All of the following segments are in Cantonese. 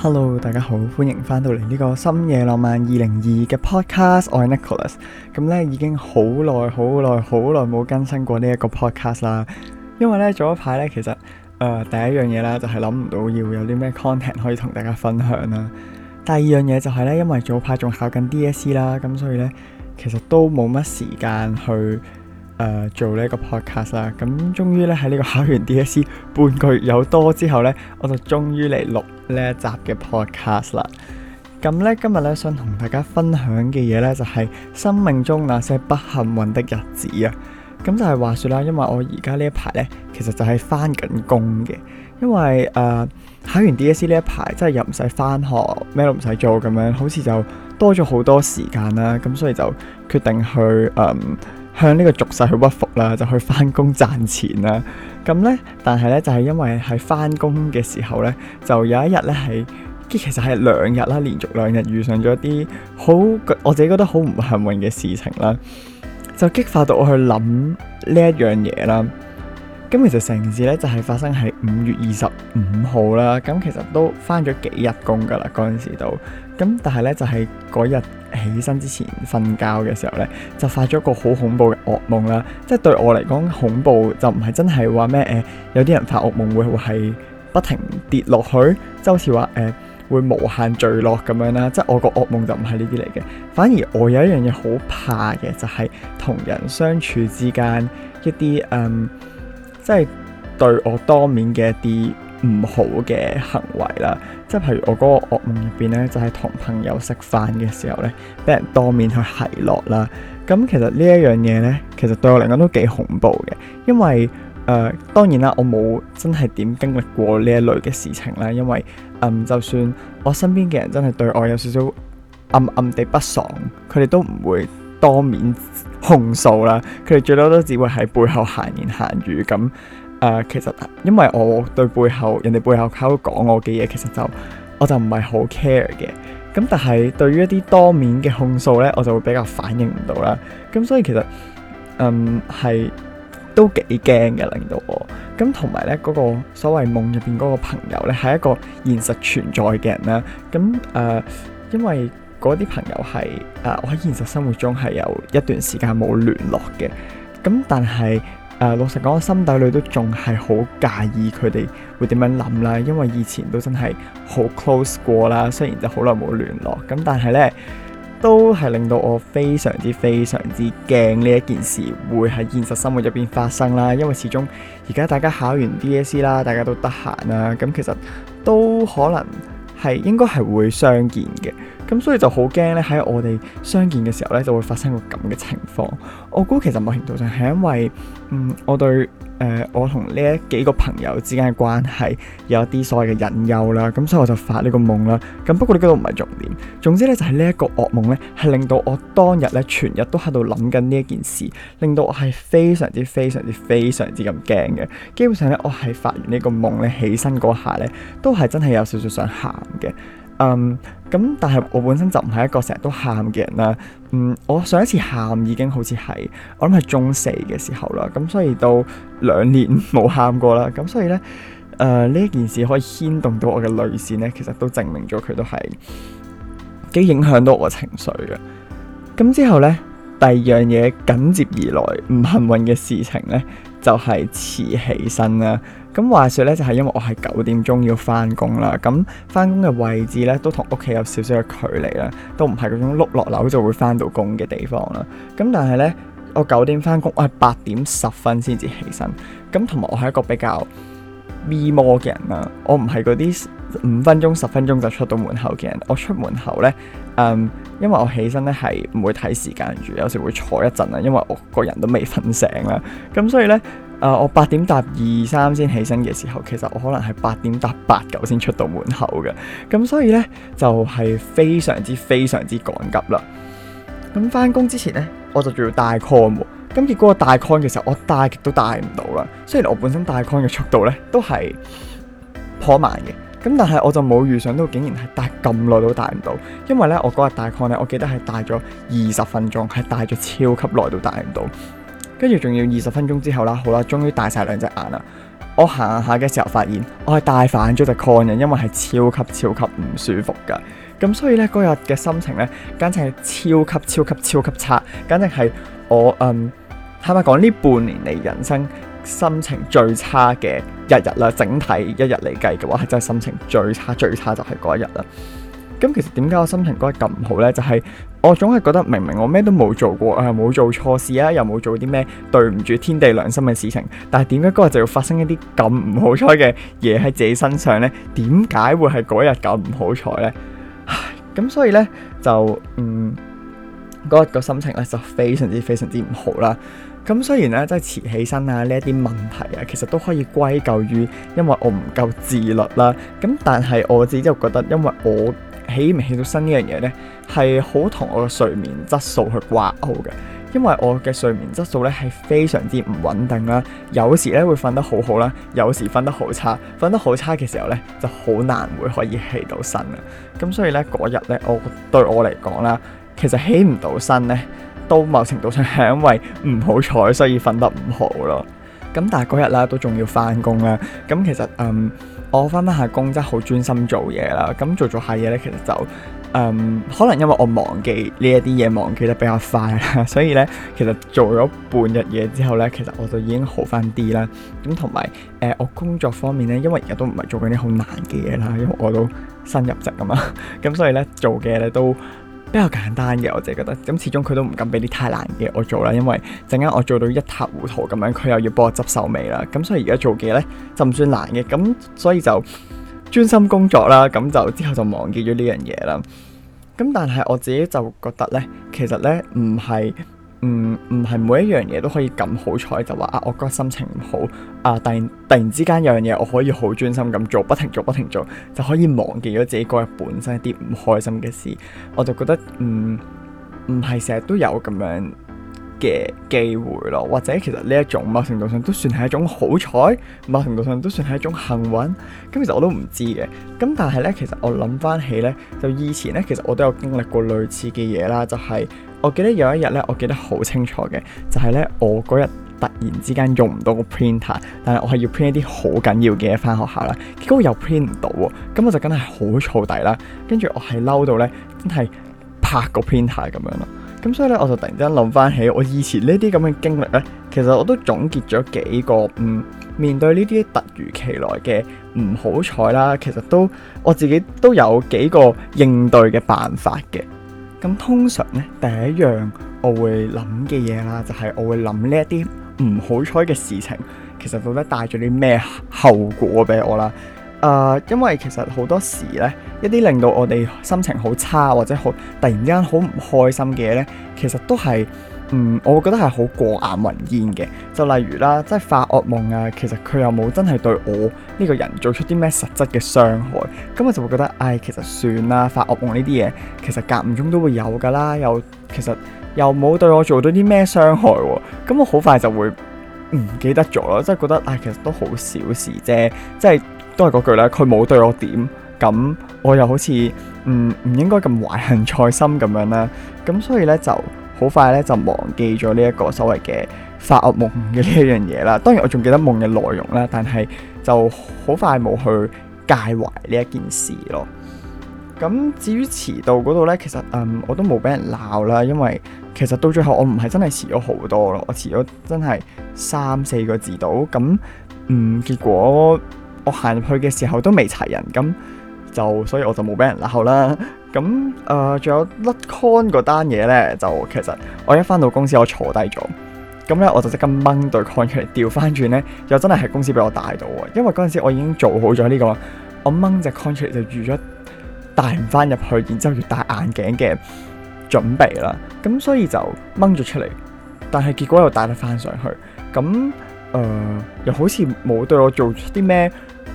Hello，大家好，歡迎翻到嚟呢個深夜浪漫二零二二嘅 podcast，我係 Nicholas。咁、嗯、咧已經好耐、好耐、好耐冇更新過呢一個 podcast 啦。因為咧早一排咧，其實誒、呃、第一樣嘢咧就係諗唔到要有啲咩 content 可以同大家分享啦。第二樣嘢就係咧，因為早排仲考緊 DSE 啦，咁、嗯、所以咧其實都冇乜時間去。誒，uh, 做呢一個 podcast 啦，咁終於咧喺呢個考完 DSE 半個月有多之後呢，我就終於嚟錄呢一集嘅 podcast 啦。咁呢今日呢，想同大家分享嘅嘢呢，就係、是、生命中那些不幸運的日子啊。咁就係話說啦，因為我而家呢一排呢，其實就係翻緊工嘅，因為誒、uh, 考完 DSE 呢一排，真係又唔使翻學，咩都唔使做，咁樣好似就多咗好多時間啦。咁所以就決定去誒。Um, 向呢個俗世去屈服啦，就去返工賺錢啦。咁呢，但係呢就係因為喺返工嘅時候呢，就有一日呢係，即其實係兩日啦，連續兩日遇上咗啲好，我自己覺得好唔幸運嘅事情啦，就激發到我去諗呢一樣嘢啦。咁其實成件事呢就係發生喺五月二十五號啦。咁其實都返咗幾日工㗎啦，嗰陣時都。咁但係呢，就係嗰日起身之前瞓覺嘅時候呢，就發咗一個好恐怖嘅噩夢啦，即係對我嚟講恐怖就唔係真係話咩，誒有啲人發噩夢會會係不停跌落去，即係好似話誒會無限墜落咁樣啦，即係我個噩夢就唔係呢啲嚟嘅，反而我有一樣嘢好怕嘅就係、是、同人相處之間一啲誒、嗯、即係對我當面嘅一啲。唔好嘅行為啦，即係譬如我嗰個噩夢入邊呢，就係、是、同朋友食飯嘅時候呢，俾人當面去奚落啦。咁、嗯、其實呢一樣嘢呢，其實對我嚟講都幾恐怖嘅，因為誒、呃、當然啦，我冇真係點經歷過呢一類嘅事情啦，因為嗯，就算我身邊嘅人真係對我有少少暗暗地不爽，佢哋都唔會當面控訴啦，佢哋最多都只會喺背後閒言閒語咁。誒，其實因為我對背後人哋背後溝講我嘅嘢，其實就我就唔係好 care 嘅。咁但係對於一啲當面嘅控訴呢，我就會比較反應唔到啦。咁所以其實，嗯係都幾驚嘅令到我。咁同埋呢，嗰個所謂夢入邊嗰個朋友呢，係一個現實存在嘅人啦。咁誒，因為嗰啲朋友係誒我喺現實生活中係有一段時間冇聯絡嘅。咁但係。誒、呃，老實講，心底裏都仲係好介意佢哋會點樣諗啦，因為以前都真係好 close 過啦，雖然就好耐冇聯絡，咁但係呢，都係令到我非常之、非常之驚呢一件事會喺現實生活入邊發生啦，因為始終而家大家考完 DSE 啦，大家都得閒啦，咁其實都可能係應該係會相見嘅。咁所以就好驚咧，喺我哋相見嘅時候咧，就會發生個咁嘅情況。我估其實某程度上係因為，嗯，我對誒、呃、我同呢幾個朋友之間嘅關係有一啲所謂嘅隱憂啦，咁所以我就發呢個夢啦。咁不過呢個唔係重點。總之咧，就係呢一個噩夢咧，係令到我當日咧全日都喺度諗緊呢一件事，令到我係非常之、非常之、非常之咁驚嘅。基本上咧，我係發完呢個夢咧，起身嗰下咧，都係真係有少少想喊嘅。嗯，咁但係我本身就唔係一個成日都喊嘅人啦。嗯，我上一次喊已經好似係我諗係中四嘅時候啦。咁所以到兩年冇喊過啦。咁所以呢，誒、呃、呢件事可以牽動到我嘅淚腺呢，其實都證明咗佢都係幾影響到我情緒嘅。咁之後呢，第二樣嘢緊接而來唔幸運嘅事情呢，就係、是、遲起身啦。咁話説咧，就係因為我係九點鐘要翻工啦，咁翻工嘅位置咧都同屋企有少少嘅距離啦，都唔係嗰種碌落樓就會翻到工嘅地方啦。咁但係咧，我九點翻工，我係八點十分先至起身。咁同埋我係一個比較咪摩嘅人啦，我唔係嗰啲五分鐘、十分鐘就出到門口嘅人。我出門口咧，嗯，因為我起身咧係唔會睇時間住，有時會坐一陣啊，因為我個人都未瞓醒啦。咁所以咧。啊！Uh, 我八點搭二三先起身嘅時候，其實我可能係八點搭八九先出到門口嘅，咁所以呢，就係、是、非常之非常之趕急啦。咁返工之前呢，我就仲要戴 con 喎、哦，咁結果個戴 con 其實我戴極都戴唔到啦。雖然我本身戴 con 嘅速度呢都係頗慢嘅，咁但係我就冇預想到，竟然係戴咁耐都戴唔到。因為呢，我嗰日戴 con 呢，我記得係戴咗二十分鐘，係戴咗超級耐都戴唔到。跟住仲要二十分鐘之後啦，好啦，終於戴晒兩隻眼啦。我行下嘅時候發現，我係戴反咗對抗人，因為係超級超級唔舒服㗎。咁所以呢，嗰日嘅心情呢，簡直係超級超級超級差，簡直係我嗯坦白講呢半年嚟人生心情最差嘅一日啦。整體一日嚟計嘅話，係真係心情最差最差就係嗰一日啦。咁其實點解我心情嗰日咁唔好呢？就係我總係覺得明明我咩都冇做過啊，冇做錯事啊，又冇做啲咩對唔住天地良心嘅事情，但係點解嗰日就要發生一啲咁唔好彩嘅嘢喺自己身上呢？點解會係嗰日咁唔好彩呢？唉，咁所以呢，就嗯，嗰日個心情咧，就非常之非常之唔好啦。咁雖然呢，即係遲起身啊呢一啲問題啊，其實都可以歸咎於因為我唔夠自律啦。咁但係我自己就覺得因為我。起唔起到身呢樣嘢呢，係好同我嘅睡眠質素去掛鈎嘅，因為我嘅睡眠質素呢，係非常之唔穩定啦，有時呢，會瞓得好好啦，有時瞓得好差，瞓得好差嘅時候呢，就好難會可以起到身啊。咁所以呢，嗰日呢，我對我嚟講啦，其實起唔到身呢，都某程度上係因為唔好彩，所以瞓得唔好咯。咁但係嗰日呢，都仲要返工啦。咁其實嗯。我返返下工真係好專心做嘢啦，咁做做下嘢呢，其實就嗯可能因為我忘記呢一啲嘢忘記得比較快啦，所以呢，其實做咗半日嘢之後呢，其實我就已經好返啲啦。咁同埋誒我工作方面呢，因為而家都唔係做緊啲好難嘅嘢啦，因為我都新入職啊嘛，咁所以呢，做嘅咧都。比較簡單嘅，我自己覺得咁，始終佢都唔敢俾啲太難嘅我做啦，因為陣間我做到一塌糊塗咁樣，佢又要幫我執手尾啦，咁所以而家做嘅呢，就唔算難嘅，咁所以就專心工作啦，咁就之後就忘記咗呢樣嘢啦。咁但係我自己就覺得呢，其實呢唔係。嗯，唔係每一樣嘢都可以咁好彩，就話啊，我個心情唔好啊，突然突然之間有樣嘢我可以好專心咁做，不停做不停做，就可以忘記咗自己嗰日本身一啲唔開心嘅事，我就覺得嗯，唔係成日都有咁樣嘅機會咯，或者其實呢一種，某一種，某程度上都算係一種好彩，某程度上都算係一種幸運。咁其實我都唔知嘅。咁但係呢，其實我諗翻起呢，就以前呢，其實我都有經歷過類似嘅嘢啦。就係、是、我記得有一日呢，我記得好清楚嘅，就係、是、呢，我嗰日突然之間用唔到個 printer，但係我係要 print 一啲好緊要嘅嘢翻學校啦。結果我又 print 唔到喎，咁我就梗係好燥底啦。跟住我係嬲到呢，真係拍個 printer 咁樣咯。咁所以咧，我就突然間諗翻起我以前呢啲咁嘅經歷咧，其實我都總結咗幾個嗯，面對呢啲突如其來嘅唔好彩啦，其實都我自己都有幾個應對嘅辦法嘅。咁通常咧，第一樣我會諗嘅嘢啦，就係我會諗呢一啲唔好彩嘅事情，其實到底帶咗啲咩後果俾我啦。啊，uh, 因為其實好多時呢，一啲令到我哋心情好差或者好突然之間好唔開心嘅嘢呢，其實都係，嗯，我覺得係好過眼雲煙嘅。就例如啦，即係發噩夢啊，其實佢又冇真係對我呢個人做出啲咩實質嘅傷害，咁我就會覺得，唉、哎，其實算啦，發噩夢呢啲嘢，其實間唔中都會有噶啦，又其實又冇對我做到啲咩傷害，啊，咁我好快就會唔記得咗咯，即係覺得，唉、哎，其實都好小事啫，即係。都係嗰句啦，佢冇對我點，咁我又好似唔唔應該咁懷恨在心咁樣啦。咁所以呢，就好快呢就忘記咗呢一個所謂嘅發惡夢嘅呢一樣嘢啦。當然我仲記得夢嘅內容啦，但係就好快冇去介懷呢一件事咯。咁至於遲到嗰度呢，其實嗯我都冇俾人鬧啦，因為其實到最後我唔係真係遲咗好多咯，我遲咗真係三四個字度咁，嗯結果。我行入去嘅時候都未齊人，咁就所以我就冇俾人鬧啦。咁誒、仲、呃、有甩 con 嗰單嘢呢，就其實我一翻到公司我坐低咗，咁呢，我就即刻掹對 con 出嚟調翻轉呢，又真係係公司俾我戴到啊！因為嗰陣時我已經做好咗呢、這個，我掹隻 con 出嚟就預咗戴唔翻入去，然之後要戴眼鏡嘅準備啦。咁所以就掹咗出嚟，但係結果又戴得翻上去，咁誒、呃、又好似冇對我做出啲咩。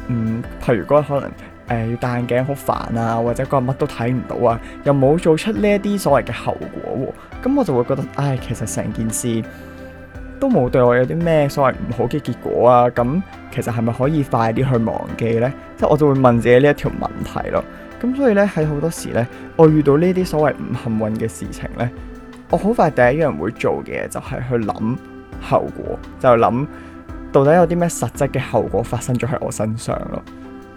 嗯，譬如可能誒、呃、要戴眼鏡好煩啊，或者嗰乜都睇唔到啊，又冇做出呢一啲所謂嘅後果，啊，咁我就會覺得，唉、哎，其實成件事都冇對我有啲咩所謂唔好嘅結果啊，咁其實係咪可以快啲去忘記呢？即、就、係、是、我就會問自己呢一條問題咯。咁所以呢，喺好多時呢，我遇到呢啲所謂唔幸運嘅事情呢，我好快第一樣會做嘅就係去諗後果，就諗、是。到底有啲咩實質嘅後果發生咗喺我身上咯？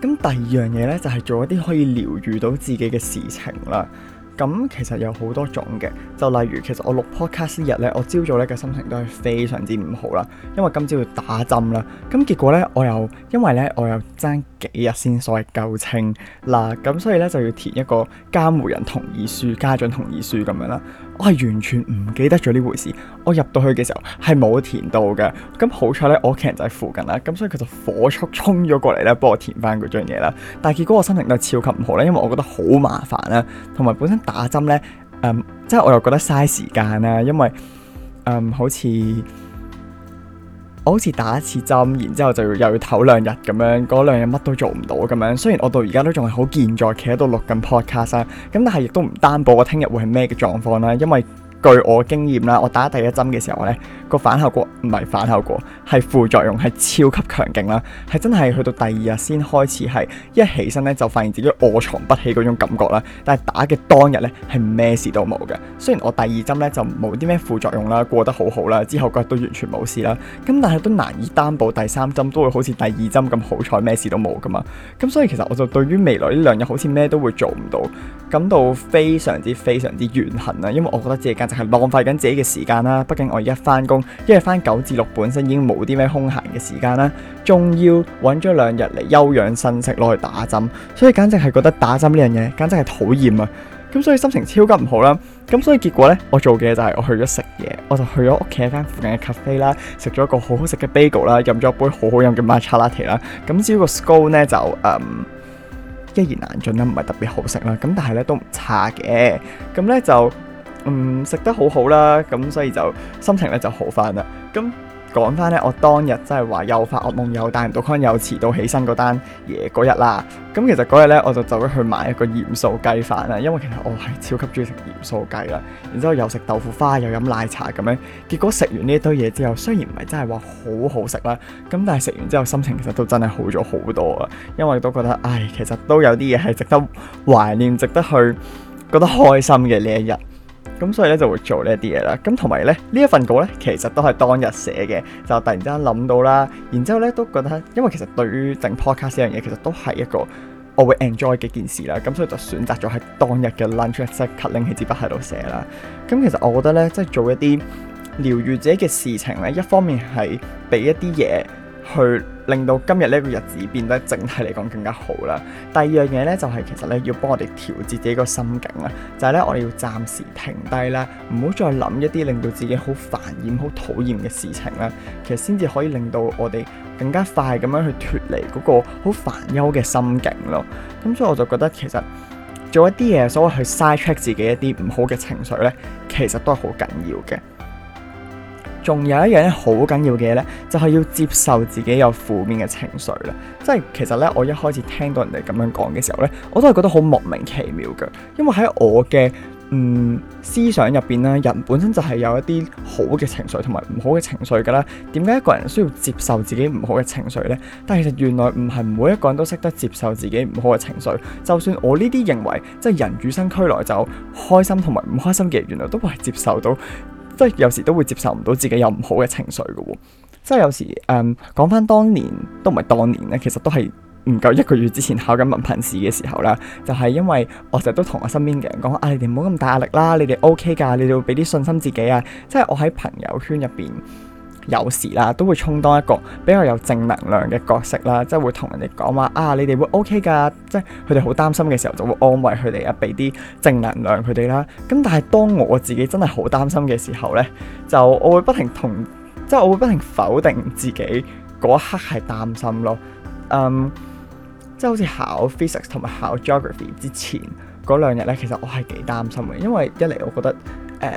咁第二樣嘢呢，就係做一啲可以療愈到自己嘅事情啦。咁其實有好多種嘅，就例如其實我錄 podcast 日呢，我朝早呢嘅心情都係非常之唔好啦，因為今朝要打針啦。咁結果呢，我又因為呢，我又爭。幾日先所謂夠清嗱，咁所以咧就要填一個監護人同意書、家長同意書咁樣啦。我係完全唔記得咗呢回事，我入到去嘅時候係冇填到噶。咁好彩咧，我屋企人就喺附近啦，咁所以佢就火速衝咗過嚟咧，幫我填翻嗰張嘢啦。但係結果我心情都超級唔好咧，因為我覺得好麻煩啦，同埋本身打針咧，誒、嗯，即係我又覺得嘥時間啦，因為，誒、嗯，好似。我好似打一次針，然之後就要又要唞兩日咁樣，嗰兩日乜都做唔到咁樣。雖然我到而家都仲係好健在，企喺度錄緊 podcast 啊，咁但係亦都唔擔保我聽日會係咩嘅狀況啦，因為。據我經驗啦，我打第一針嘅時候呢，呢個反效果唔係反效果，係副作用係超級強勁啦，係真係去到第二日先開始係一起身呢就發現自己卧床不起嗰種感覺啦。但係打嘅當日呢，係咩事都冇嘅。雖然我第二針呢就冇啲咩副作用啦，過得好好啦，之後嗰日都完全冇事啦。咁但係都難以擔保第三針都會好似第二針咁好彩咩事都冇㗎嘛。咁所以其實我就對於未來呢兩日好似咩都會做唔到，感到非常之非常之怨恨啦，因為我覺得自己就係浪費緊自己嘅時間啦，畢竟我而家翻工，因為翻九至六本身已經冇啲咩空閒嘅時間啦，仲要揾咗兩日嚟休養生息攞去打針，所以簡直係覺得打針呢樣嘢簡直係討厭啊！咁所以心情超級唔好啦，咁所以結果呢，我做嘅就係我去咗食嘢，我就去咗屋企一間附近嘅咖啡啦，食咗一個好好食嘅 bagel 啦，飲咗一杯好好飲嘅 matcha latte 啦，咁至於個 scone 呢，就嗯一言難盡啦，唔係特別好食啦，咁但係呢都唔差嘅，咁呢就。嗯，食得好好啦，咁所以就心情咧就好翻啦。咁講翻咧，我當日真係話又發惡夢，又戴唔到框，可能又遲到起身嗰單嘢嗰日啦。咁其實嗰日咧，我就走咗去買一個鹽酥雞飯啊，因為其實我係超級中意食鹽酥雞啦。然之後又食豆腐花，又飲奶茶咁樣。結果食完呢堆嘢之後，雖然唔係真係話好好食啦，咁但係食完之後心情其實都真係好咗好多啊。因為都覺得唉，其實都有啲嘢係值得懷念，值得去覺得開心嘅呢一日。咁所以咧就會做呢一啲嘢啦。咁同埋咧，呢一份稿咧，其實都係當日寫嘅，就突然之間諗到啦。然之後咧都覺得，因為其實對於整 podcast 呢樣嘢其實都係一個我會 enjoy 嘅件事啦。咁所以就選擇咗喺當日嘅 lunch lunch 即刻拎起支筆喺度寫啦。咁其實我覺得咧，即係做一啲療愈自己嘅事情咧，一方面係俾一啲嘢。去令到今日呢個日子變得整體嚟講更加好啦。第二樣嘢呢，就係其實咧要幫我哋調節自己個心境啦，就係呢，我哋要暫時停低啦，唔好再諗一啲令到自己好煩厭、好討厭嘅事情啦。其實先至可以令到我哋更加快咁樣去脫離嗰個好煩憂嘅心境咯。咁所以我就覺得其實做一啲嘢，所謂去 sidetrack 自己一啲唔好嘅情緒呢，其實都係好緊要嘅。仲有一樣好緊要嘅嘢咧，就係要接受自己有負面嘅情緒啦。即係其實咧，我一開始聽到人哋咁樣講嘅時候咧，我都係覺得好莫名其妙嘅。因為喺我嘅嗯思想入邊啦，人本身就係有一啲好嘅情緒同埋唔好嘅情緒㗎啦。點解一個人需要接受自己唔好嘅情緒呢？但係其實原來唔係每一個人都識得接受自己唔好嘅情緒。就算我呢啲認為即係人與生俱來就開心同埋唔開心嘅，原來都會係接受到。即係有時都會接受唔到自己有唔好嘅情緒嘅喎。哦，即係有時誒、嗯、講翻當年都唔係當年咧，其實都係唔夠一個月之前考緊文憑試嘅時候啦，就係、是、因為我成日都同我身邊嘅人講，啊，你哋唔好咁大壓力啦，你哋 OK 㗎，你哋要俾啲信心自己啊，即係我喺朋友圈入邊。有時啦，都會充當一個比較有正能量嘅角色啦，即係會同人哋講話啊，你哋會 OK 㗎，即係佢哋好擔心嘅時候就會安慰佢哋啊，俾啲正能量佢哋啦。咁但係當我自己真係好擔心嘅時候呢，就我會不停同，即係我會不停否定自己嗰刻係擔心咯。嗯，即係好似考 physics 同埋考 geography 之前嗰兩日呢，其實我係幾擔心嘅，因為一嚟我覺得誒。Uh,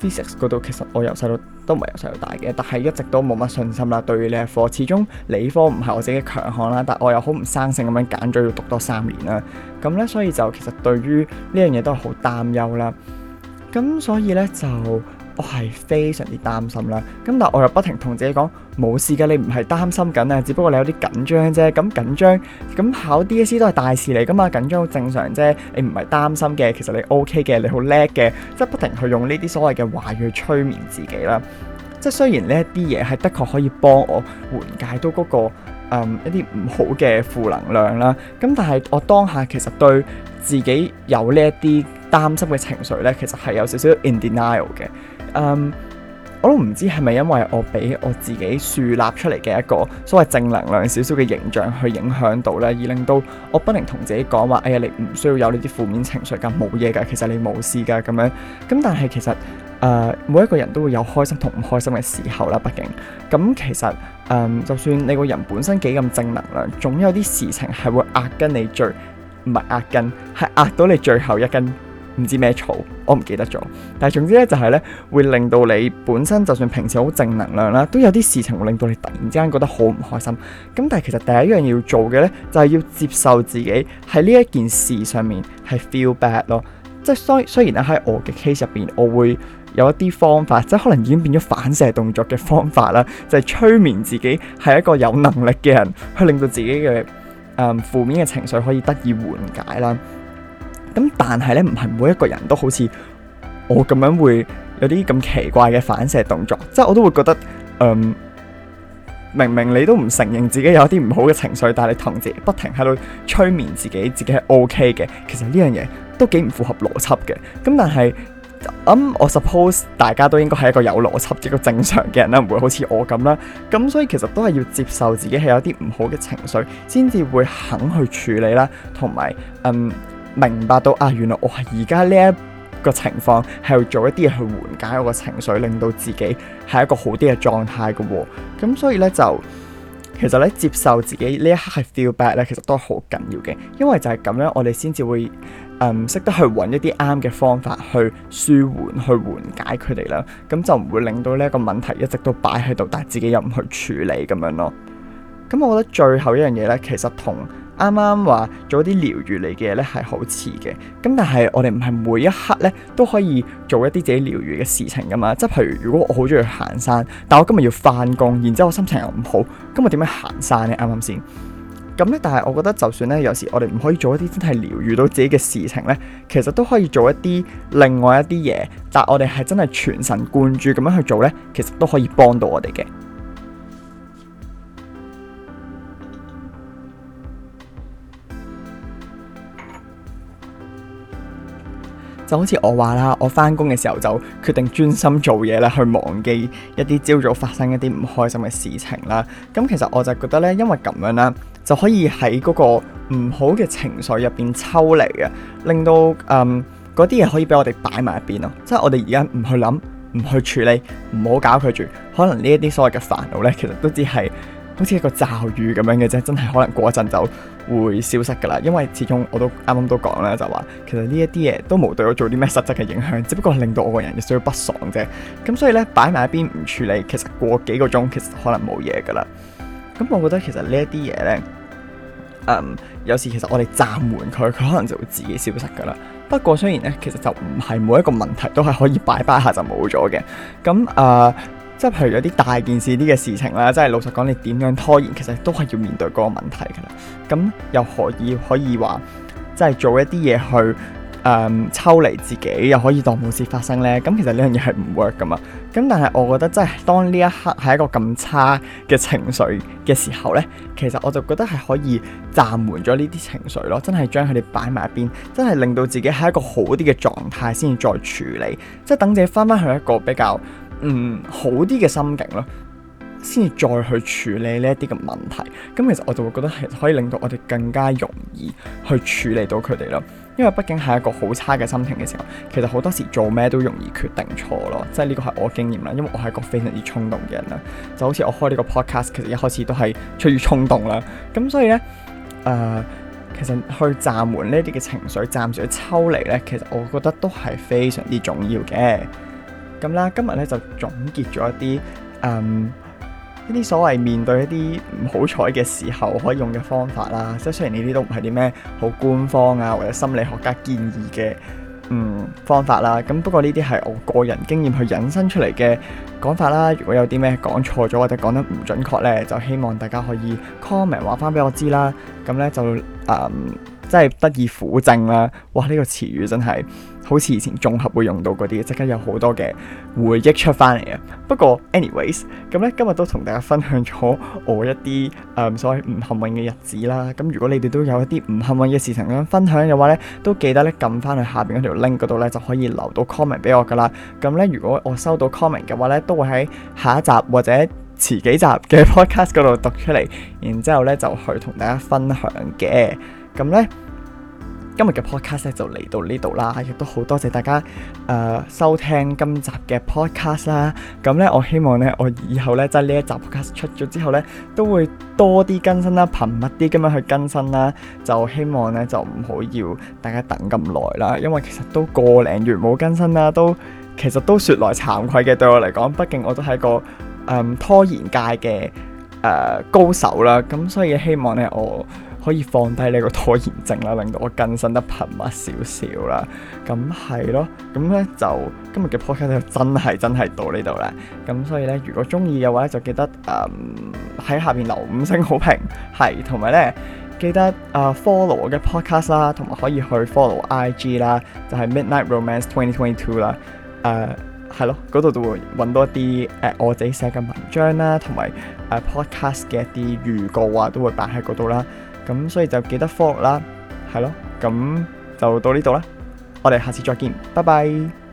Physics 嗰度其實我由細到都唔係由細到大嘅，但係一直都冇乜信心啦。對於呢一科，始終理科唔係我自己嘅強項啦，但我又好唔生性咁樣揀咗要讀多三年啦。咁咧，所以就其實對於呢樣嘢都係好擔憂啦。咁所以咧，就我係非常之擔心啦。咁但係我又不停同自己講。冇事噶，你唔係擔心緊啊，只不過你有啲緊張啫。咁緊張，咁考 DSE 都係大事嚟噶嘛，緊張好正常啫。你唔係擔心嘅，其實你 OK 嘅，你好叻嘅，即係不停去用呢啲所謂嘅話語去催眠自己啦。即係雖然呢一啲嘢係的確可以幫我緩解到嗰個誒一啲唔好嘅負能量啦。咁但係我當下其實對自己有呢一啲擔心嘅情緒呢，其實係有少少 in denial 嘅。誒。我都唔知係咪因為我俾我自己樹立出嚟嘅一個所謂正能量少少嘅形象去影響到呢，而令到我不能同自己講話：哎呀，你唔需要有呢啲負面情緒㗎，冇嘢㗎，其實你冇事㗎。咁樣咁，但係其實誒、呃，每一個人都會有開心同唔開心嘅時候啦。畢竟咁，其實誒、呃，就算你個人本身幾咁正能量，總有啲事情係會壓緊你最，唔係壓緊，係壓到你最後一根。唔知咩草，我唔記得咗。但係總之咧，就係、是、咧會令到你本身，就算平時好正能量啦，都有啲事情會令到你突然之間覺得好唔開心。咁但係其實第一樣要做嘅咧，就係、是、要接受自己喺呢一件事上面係 feel bad 咯。即係雖雖然咧喺我嘅 case 入面，我會有一啲方法，即係可能已經變咗反射動作嘅方法啦，就係、是、催眠自己係一個有能力嘅人，去令到自己嘅誒、嗯、負面嘅情緒可以得以緩解啦。咁但係咧，唔係每一個人都好似我咁樣會有啲咁奇怪嘅反射動作，即係我都會覺得，嗯，明明你都唔承認自己有啲唔好嘅情緒，但係你同自己不停喺度催眠自己，自己係 OK 嘅，其實呢樣嘢都幾唔符合邏輯嘅。咁、嗯、但係，咁、嗯、我 suppose 大家都應該係一個有邏輯、一個正常嘅人啦，唔會好似我咁啦。咁所以其實都係要接受自己係有啲唔好嘅情緒，先至會肯去處理啦，同埋嗯。明白到啊，原來我而家呢一個情況，係要做一啲嘢去緩解我個情緒，令到自己係一個好啲嘅狀態嘅喎、哦。咁所以呢，就，其實呢，接受自己呢一刻係 feel bad 咧，其實都係好緊要嘅，因為就係咁樣我哋先至會誒識、嗯、得去揾一啲啱嘅方法去舒緩、去緩解佢哋啦。咁就唔會令到呢一個問題一直都擺喺度，但係自己又唔去處理咁樣咯。咁我覺得最後一樣嘢呢，其實同。啱啱話做一啲療愈嚟嘅嘢咧係好遲嘅，咁但係我哋唔係每一刻咧都可以做一啲自己療愈嘅事情噶嘛，即係譬如如果我好中意去行山，但我今日要翻工，然之後我心情又唔好，今日點樣行山呢？啱啱先咁咧，但係我覺得就算咧，有時我哋唔可以做一啲真係療愈到自己嘅事情咧，其實都可以做一啲另外一啲嘢，但我哋係真係全神貫注咁樣去做咧，其實都可以幫到我哋嘅。就好似我話啦，我翻工嘅時候就決定專心做嘢啦，去忘記一啲朝早發生一啲唔開心嘅事情啦。咁其實我就覺得呢，因為咁樣啦，就可以喺嗰個唔好嘅情緒入邊抽離嘅，令到嗯嗰啲嘢可以俾我哋擺埋一邊咯。即係我哋而家唔去諗，唔去處理，唔好搞佢住，可能呢一啲所謂嘅煩惱呢，其實都只係，好似一個驟雨咁樣嘅啫，真係可能過一陣就會消失噶啦。因為始終我都啱啱都講啦，就話其實呢一啲嘢都冇對我做啲咩實質嘅影響，只不過令到我個人有少少不爽啫。咁所以呢，擺埋一邊唔處理，其實過幾個鐘其實可能冇嘢噶啦。咁我覺得其實呢一啲嘢呢，有時其實我哋暫緩佢，佢可能就會自己消失噶啦。不過雖然呢，其實就唔係每一個問題都係可以擺擺下就冇咗嘅。咁啊。呃即係譬如有啲大件事啲嘅事情啦，即係老實講，你點樣拖延，其實都係要面對嗰個問題噶啦。咁又可以可以話，即係做一啲嘢去誒、嗯、抽離自己，又可以當冇事發生呢。咁其實呢樣嘢係唔 work 噶嘛。咁但係我覺得，真係當呢一刻係一個咁差嘅情緒嘅時候呢，其實我就覺得係可以暫緩咗呢啲情緒咯。真係將佢哋擺埋一邊，真係令到自己喺一個好啲嘅狀態先至再處理。即係等自己返返去一個比較。嗯，好啲嘅心境咯，先至再去處理呢一啲嘅問題。咁、嗯、其實我就會覺得，係可以令到我哋更加容易去處理到佢哋咯。因為畢竟係一個好差嘅心情嘅時候，其實好多時做咩都容易決定錯咯。即係呢個係我經驗啦，因為我係一個非常之衝動嘅人啦。就好似我開呢個 podcast，其實一開始都係出於衝動啦。咁、嗯、所以呢，誒、呃，其實去暫緩呢啲嘅情緒，暫時去抽離呢，其實我覺得都係非常之重要嘅。咁啦，今日咧就總結咗一啲，嗯，一啲所謂面對一啲唔好彩嘅時候可以用嘅方法啦。即係雖然呢啲都唔係啲咩好官方啊，或者心理學家建議嘅，嗯，方法啦。咁不過呢啲係我個人經驗去引申出嚟嘅講法啦。如果有啲咩講錯咗或者講得唔準確呢，就希望大家可以 comment 話翻俾我知啦。咁、嗯、呢，就，嗯。真係得意苦正啦、啊！哇、呢、這個詞語真係好似以前綜合會用到嗰啲，即刻有好多嘅回憶出翻嚟啊。不過，anyways，咁呢今日都同大家分享咗我一啲誒、嗯、所謂唔幸運嘅日子啦。咁如果你哋都有一啲唔幸運嘅事情想分享嘅話呢，都記得呢撳翻去下邊嗰條 link 嗰度呢，就可以留到 comment 俾我噶啦。咁呢，如果我收到 comment 嘅話呢，都會喺下一集或者遲幾集嘅 podcast 嗰度讀出嚟，然之後呢，就去同大家分享嘅。咁呢，今日嘅 podcast 就嚟到呢度啦，亦都好多謝大家誒、呃、收聽今集嘅 podcast 啦。咁呢，我希望呢，我以後呢，即係呢一集 podcast 出咗之後呢，都會多啲更新啦，頻密啲咁樣去更新啦。就希望呢，就唔好要、要大家等咁耐啦。因為其實都個零月冇更新啦，都其實都說來慚愧嘅，對我嚟講，畢竟我都係個誒、嗯、拖延界嘅誒、呃、高手啦。咁所以希望呢，我。可以放低呢個拖延症啦，令到我更新得頻密少少啦。咁係咯，咁呢就今日嘅 podcast 就真係真係到呢度啦。咁所以呢，如果中意嘅話呢，就記得誒喺、嗯、下面留五星好評，係同埋呢，記得誒、呃、follow 我嘅 podcast 啦，同埋可以去 follow I G 啦，就係、是、Midnight Romance Twenty Twenty Two 啦。誒、呃、係咯，嗰度就會揾多啲誒我自己寫嘅文章啦，同埋誒 podcast 嘅一啲預告啊，都會擺喺嗰度啦。咁所以就記得 follow 啦，係囉，咁就到呢度啦，我哋下次再見，拜拜。